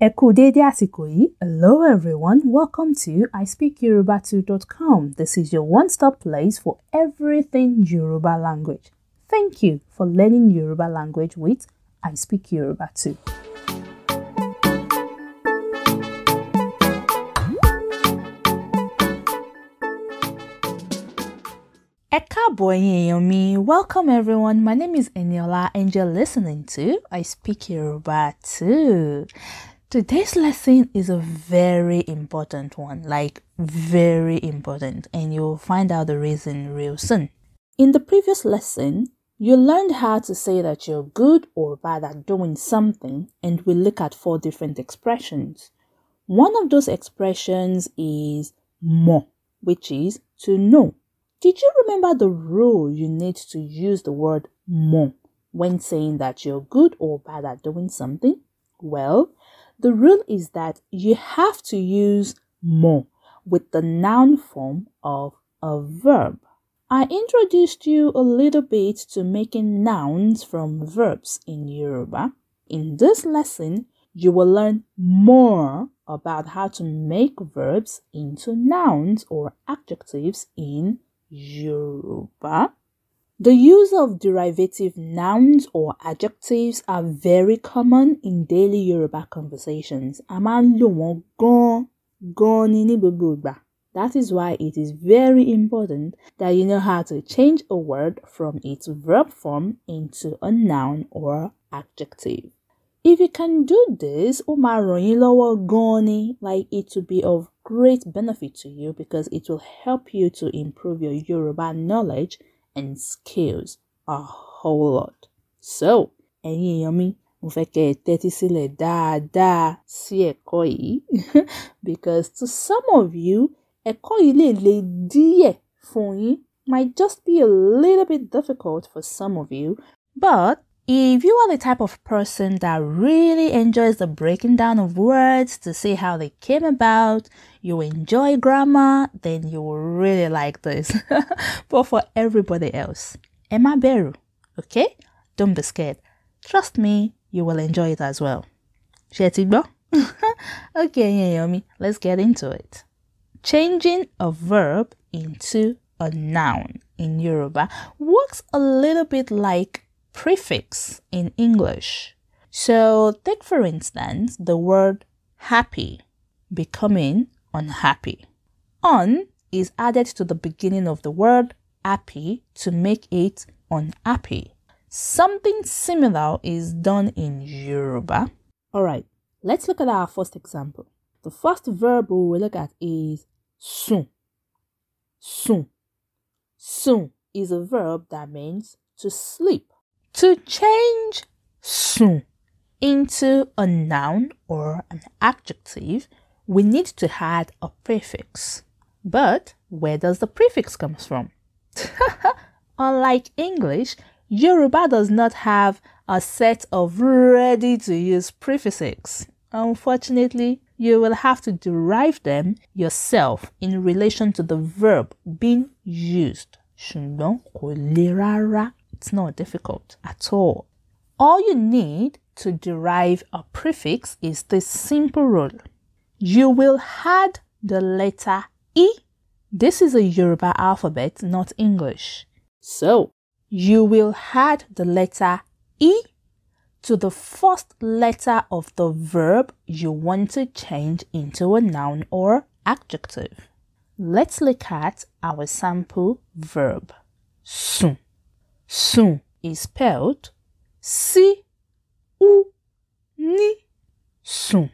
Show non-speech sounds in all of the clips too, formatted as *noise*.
Hello everyone, welcome to ispeakyoruba2.com. This is your one-stop place for everything Yoruba language. Thank you for learning Yoruba language with I Speak Yoruba 2. mi, welcome everyone. My name is Eniola and you're listening to I Speak Yoruba 2. Today's lesson is a very important one, like very important, and you'll find out the reason real soon. In the previous lesson, you learned how to say that you're good or bad at doing something, and we look at four different expressions. One of those expressions is mo, which is to know. Did you remember the rule you need to use the word mo when saying that you're good or bad at doing something? Well, the rule is that you have to use more with the noun form of a verb. I introduced you a little bit to making nouns from verbs in Yoruba. In this lesson, you will learn more about how to make verbs into nouns or adjectives in Yoruba. The use of derivative nouns or adjectives are very common in daily Yoruba conversations. ni That is why it is very important that you know how to change a word from its verb form into a noun or adjective. If you can do this, ó máa like it will be of great benefit to you because it will help you to improve your Yoruba knowledge and skills a whole lot. So, ẹ̀yin èèyàn mi, mo fẹ́ kẹ́ ẹ tẹ́tí sílẹ̀ dáadáa sí ẹ̀kọ́ yìí *laughs* because to some of you, ẹ̀kọ́ yìí lè le díẹ̀ fún yín might just be a little bit difficult for some of you, but if you are the type of person that really enjoys the breaking down of words to see how they came about, you enjoy grammar, then you will really like this. *laughs* but for everybody else, Emma Beru, okay? Don't be scared. Trust me, you will enjoy it as well. Shetibo, *laughs* okay, Yomi? let's get into it. Changing a verb into a noun in Yoruba works a little bit like prefix in English. So take for instance the word happy, becoming unhappy. On is added to the beginning of the word happy to make it unhappy. Something similar is done in Yoruba. Alright, let's look at our first example. The first verb we will look at is sun. Sun. Sun is a verb that means to sleep. To change soon into a noun or an adjective, we need to add a prefix. But where does the prefix come from? *laughs* Unlike English, Yoruba does not have a set of ready to use prefixes. Unfortunately, you will have to derive them yourself in relation to the verb being used. It's not difficult at all. All you need to derive a prefix is this simple rule. You will add the letter E. This is a Yoruba alphabet, not English. So, you will add the letter E to the first letter of the verb you want to change into a noun or adjective. Let's look at our sample verb soon. Soon is spelled u Ni Soon.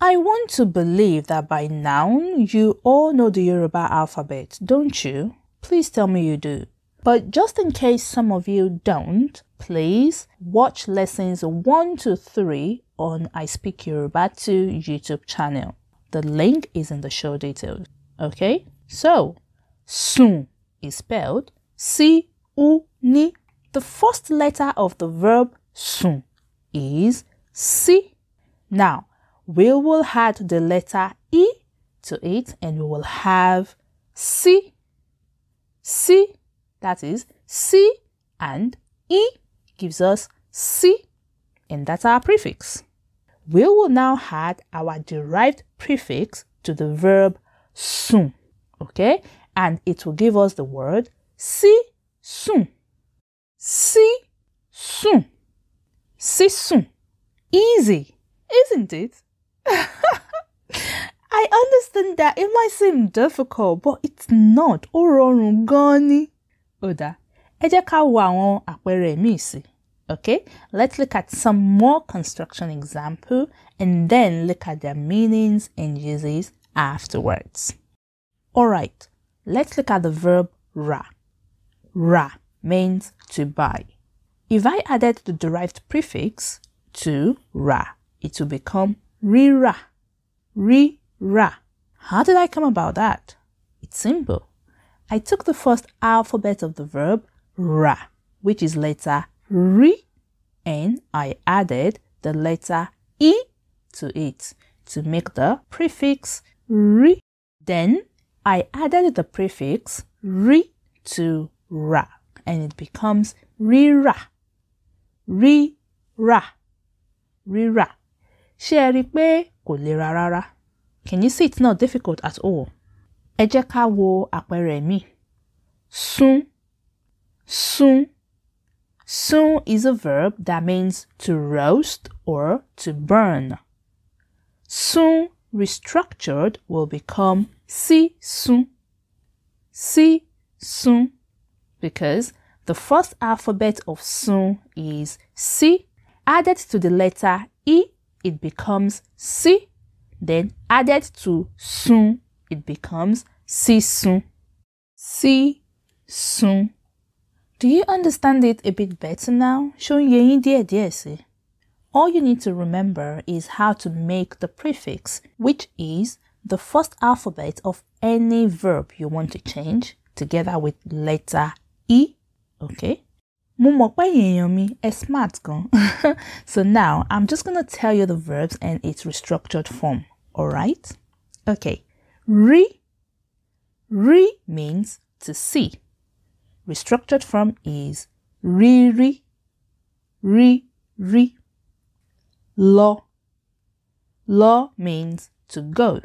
I want to believe that by now you all know the Yoruba alphabet, don't you? Please tell me you do. But just in case some of you don't, please watch lessons 1 to 3 on I Speak Yoruba 2 YouTube channel. The link is in the show details. Okay? So, soon is spelled C-U-N-I the first letter of the verb soon is C. Now, we will add the letter E to it and we will have C. C, that is C and E gives us C and that's our prefix. We will now add our derived prefix to the verb soon, okay? And it will give us the word see soon. Si, soon, si soon, Easy, isn't it? *laughs* I understand that it might seem difficult, but it's not. Ó rọrùn gan oda ẹ jẹ́ ká wo àwọn àpẹẹrẹ sí. Okay, let's look at some more construction example and then look at their meanings and uses afterwards. Alright, let's look at the verb ra. Ra means to buy. If I added the derived prefix to ra, it will become rira, rira. How did I come about that? It's simple. I took the first alphabet of the verb ra, which is letter ri, and I added the letter e to it to make the prefix ri. Then I added the prefix ri to ra and it becomes rírà rírà rírà ṣé ẹ rí i pé kò lera rárá can you see it's not difficult at all ẹ jẹ́ ká wo àpẹẹrẹ mi sún sún sún is a verb that means to roast or to burn sún restructured will become sí sún sí sún because the first alphabet of soon is C. Added to the letter E, it becomes C. Then added to soon, it becomes Si soon. Si soon. Do you understand it a bit better now? All you need to remember is how to make the prefix, which is the first alphabet of any verb you want to change, together with letter E. Okay. Mo mi ẹ smart gan. *laughs* so now I'm just gonna tell you the verbs and its restructured form. Alright? Okay. Re. Re means to see. Restructured form is re re re re. Lo. Lo means to go.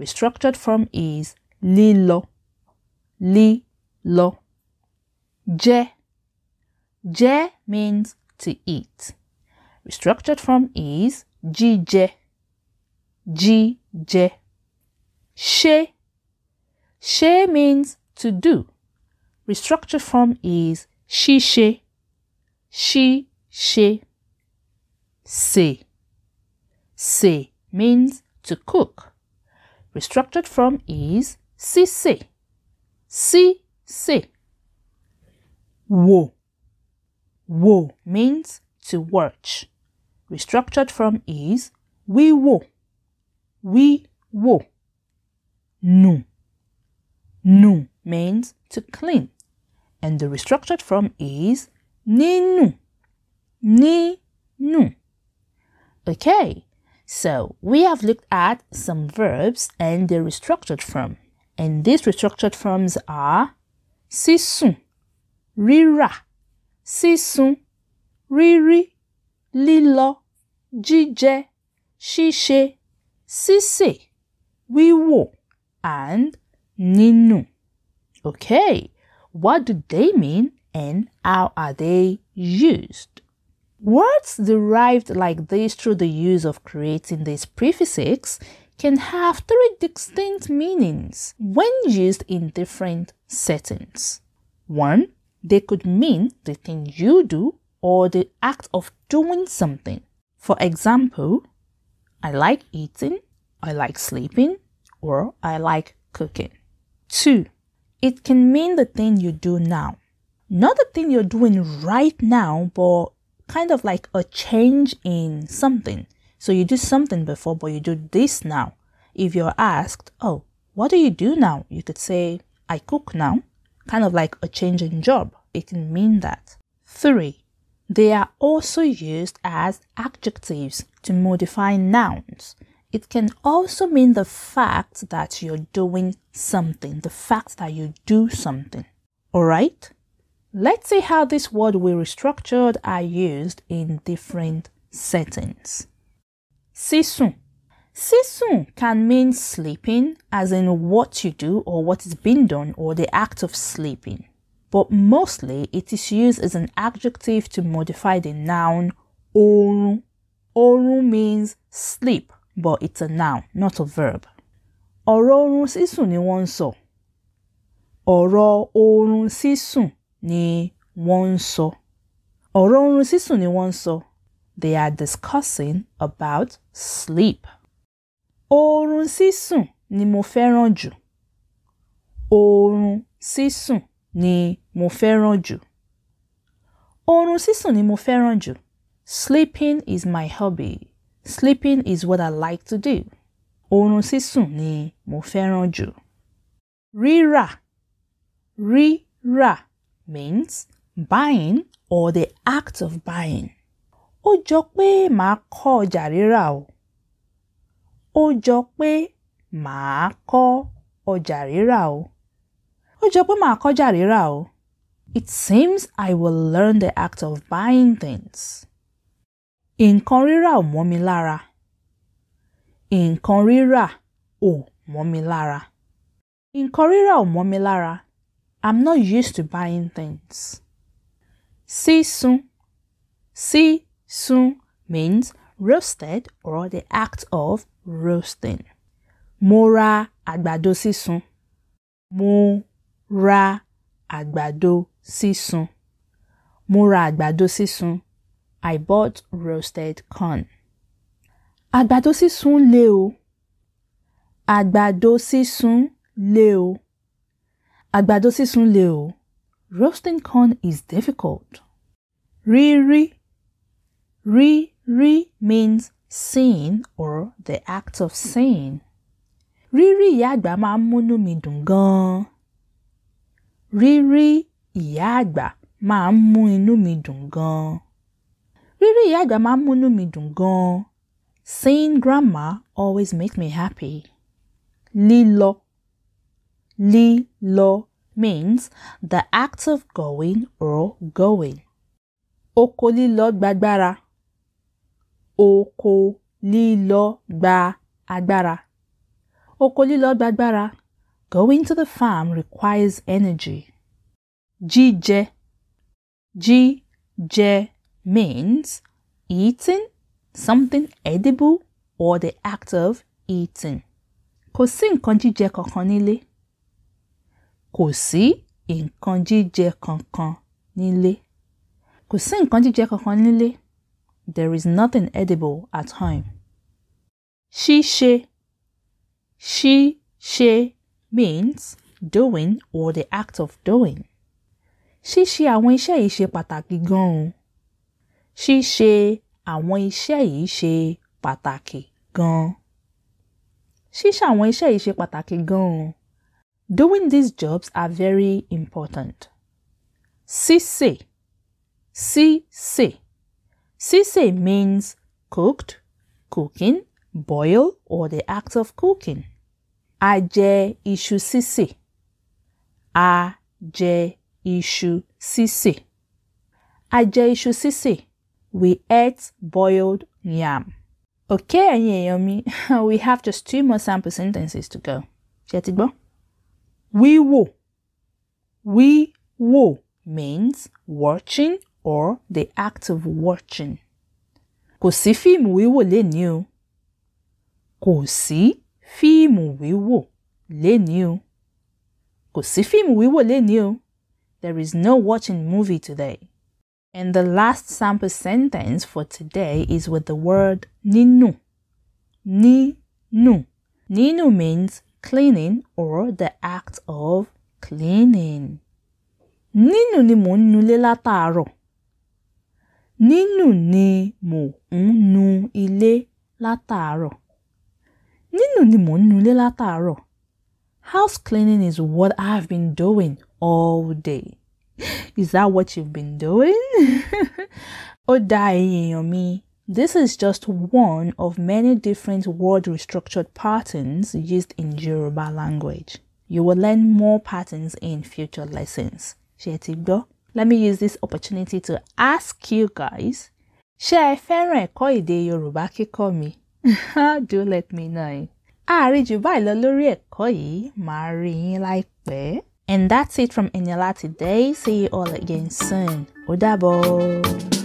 Restructured form is lo. Li lo. Je. Je means to eat. Restructured form is jije. Jije. She. She means to do. Restructured form is shishe. She, she. Se. Se means to cook. Restructured form is sise. CC. Wo. Wo means to watch. Restructured from is we wo. We wo. Nu. Nu means to clean. And the restructured form is ni nu. Ni nu. Okay, so we have looked at some verbs and their restructured form. And these restructured forms are sisun rírà sísun rírí lílọ jíjẹ ṣíṣe sísè wíwò and nínú. Okay, what do they mean and how are they used? Words derived like this through the use of creating this prefix can have three distinct meanings when used in different settings. 1. They could mean the thing you do or the act of doing something. For example, I like eating, I like sleeping, or I like cooking. 2. It can mean the thing you do now. Not the thing you're doing right now, but kind of like a change in something. So you do something before, but you do this now. If you're asked, oh, what do you do now? You could say, I cook now, kind of like a change in job. It can mean that. Three, they are also used as adjectives to modify nouns. It can also mean the fact that you're doing something, the fact that you do something. Alright? Let's see how this word we restructured are used in different settings. C'est soon. Sisun can mean sleeping, as in what you do or what is being done or the act of sleeping. But mostly it is used as an adjective to modify the noun oru. Oru means sleep, but it's a noun, not a verb. Ọ̀rọ̀ sísùn ni wọ́n sọ. Ọ̀rọ̀ oorun sísùn ni wọ́n sọ. Ọ̀rọ̀ sísùn ni wọ́n sọ. They are discussing about sleep. Oorun sísùn ni mo fẹ́ràn jù. Oorun sísùn ni mo fẹ́ràn jù. Oorun sísùn ni mo fẹ́ràn jù. Sleeping is my hobby. Sleeping is what I like to do. Oorun sísùn ni mo fẹ́ràn jù. Rírà. Rírà means buying or the act of buying. Ó jọ pé màá kọ́ ọjà rírà o ó jọ pé màá kọ́ ọjà rírà o. ó jọ pé màá kọ́jà rírà o. It seems I will learn the act of buying things. Nǹkan rírà ò mọ́ mi lára. Nǹkan rírà ò mọ́ mi lára. Nǹkan rírà ò mọ́ mi lára. I'm not used to buying things. Sísun. Sísun means roasted or the act of roasting. Mo ra àgbàdo sísun. Mo ra àgbàdo sísun. Mo ra àgbàdo sísun. I bought roasted corn. Àgbàdo sísun le o. Àgbàdo sísun le o. Àgbàdo sísun le o. Roasting corn is difficult. Riri. Riri means Sin or the act of sin. Rírí ìyá àgbà máa ń múnú mi dùn gan-an. Rírí ìyá àgbà máa ń mú inú mi dùn gan-an. Rírí ìyá àgbà máa ń múnú mi dùn gan-an. Seeing grandma always makes me happy. Lílọ lílọ means the act of going or going. Oko lílọ gbagbára oko lílọ gba agbára. Oko lílọ gba agbára. Going to the farm requires energy. Jíjẹ. Jíjẹ means eating something edible or the act of eating. Kò sí nǹkan jíjẹ kankan nílé. Kò sí nǹkan jíjẹ kankan nílé. Kò sí nǹkan jíjẹ kankan nílé. There is nothing edible at home. Ṣíṣe Ṣíṣe means doing or the act of doing. Ṣíṣe àwọn iṣẹ́ yìí ṣe pàtàkì gan-an. Ṣíṣe àwọn iṣẹ́ yìí ṣe pàtàkì gan-an. Ṣíṣe àwọn iṣẹ́ yìí ṣe pàtàkì Doing these jobs are very important. Sísè Sísè Sise means cooked, cooking, boil, or the act of cooking. A jẹ iṣu sísè. A jẹ iṣu sísè. A We ate boiled yam. Okay, ẹ̀yin *laughs* we have just two more sample sentences to go. Ṣé We wo. We wo means watching or the act of watching. Kò sí fíìmù wíwò le o. Kò sí fíìmù wíwò le o. Kò sí fíìmù wíwò le o. There is no watching movie today. And the last sample sentence for today is with the word nínú. Nínú. Nínú means cleaning or the act of cleaning. Nínú ni mò ń nulẹ̀ látàárọ̀. Nínú ni mò ń nu ilé látàárọ̀. Nínú ni mò ń nu ilé látàárọ̀. House cleaning is what I've been doing all day. Is that what you've been doing? *laughs* Ó dá èèyàn mi. This is just one of many different word restructured patterns used in Yoruba language. You will learn more patterns in future lessons. Ṣé let me use this opportunity to ask you guys ṣé ẹ fẹ́ràn ẹ̀kọ́ èdè Yorùbá kíkọ́ mi *laughs* do let me know. àárín jù báyìí lọ lórí ẹ̀kọ́ yìí màá rí yín láìpẹ́. and that's it from Eniola today see you all again soon. ó dàbọ̀.